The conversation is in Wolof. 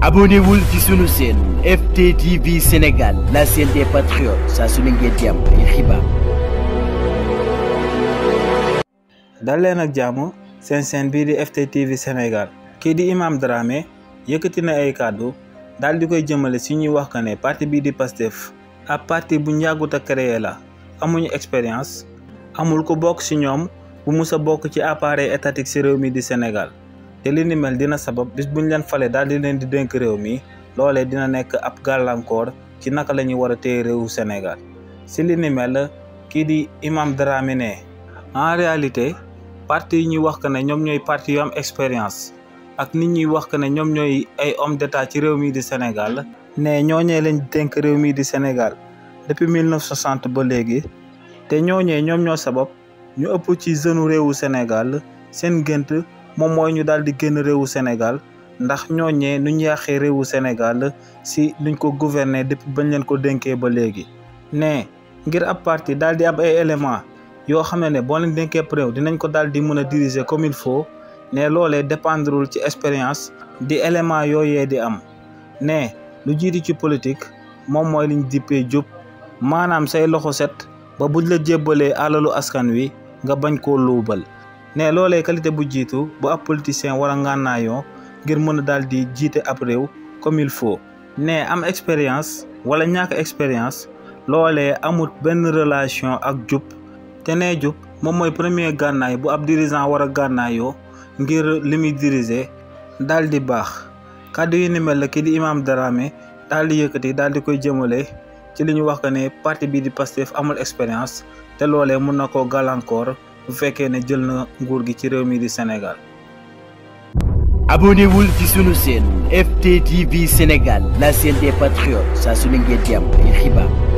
abonnewul ci sunu chaîne FTTV Sénégal la chaîne des patriotes saa su ne ngeen di am ay xibaar. jàmm seen bii di FTTV Sénégal kii di Imam Dramé yëkkati na ay kàddu daal di koy jëmmale si ñuy wax ka ne parti bii di PASTEF ab parti bu njàggut a créé la amuñu expérience amul ko bokk ci ñoom bu mus a bokk ci appareil étatique si réew mi di Sénégal. te li ni mel dina sabab bis ñu leen falee daal di leen di dénk réew mi loolee dina nekk ab gàllankoor ci naka lañuy ñuy war a téye réewu Sénégal si li ni kii di Imam Dramé ne en réalité parti yi ñuy wax ko ne ñoom ñooy parti yu expérience ak nit ñuy wax ko ne ñoom ñooy ay homme d'état ci réew mii di Sénégal ne ñooñee lañ dénk réew mii di Sénégal depuis 1960 ba léegi te ñooñee ñoom ñoo sabab ñu ëpp ci jeune réewu Sénégal seen gént moom mooy ñu daal di génn réewu Sénégal ndax ñooñee nu ñu yàqee réewu Sénégal si nuñ ko gouverner depuis bañ leen ko dénkee ba léegi. ne ngir ab parti daal di am ay éléments yoo xam ne boo leen dénkee réew dinañ ko daal di mën a diriger comme il faut ne loolee dépendrul ci expérience di éléments yooyee di am ne lu jiitu ci politique moom mooy liñ dippee jub maanaam say loxo set ba buñ la jébbalee alalu askan wi nga bañ ko luubal. ne loole qualité bu jiitu bu ab politicien war a ngir mën a daal di jiite ab réew comme il faut ne am expérience wala ñàkk expérience loole amut benn relation ak jub te ne jub moom mooy premier gànnaay bu ab dirigeant war a gànnaayoo ngir li muy diriger daal di baax kàddu yu ni mel la kii di Imam Dramé daal di yëkkati daal di koy jëmale ci li ñu wax que ne parti bii di Pastef amul expérience te loole mun na koo gàllankoor. bu fekkee ne jël na nguur gi ci réew mi di Sénégal. abonnewul ci sunu seen FTTV Sénégal la chaîne des patriotes saa su ne ngeen di xibaar.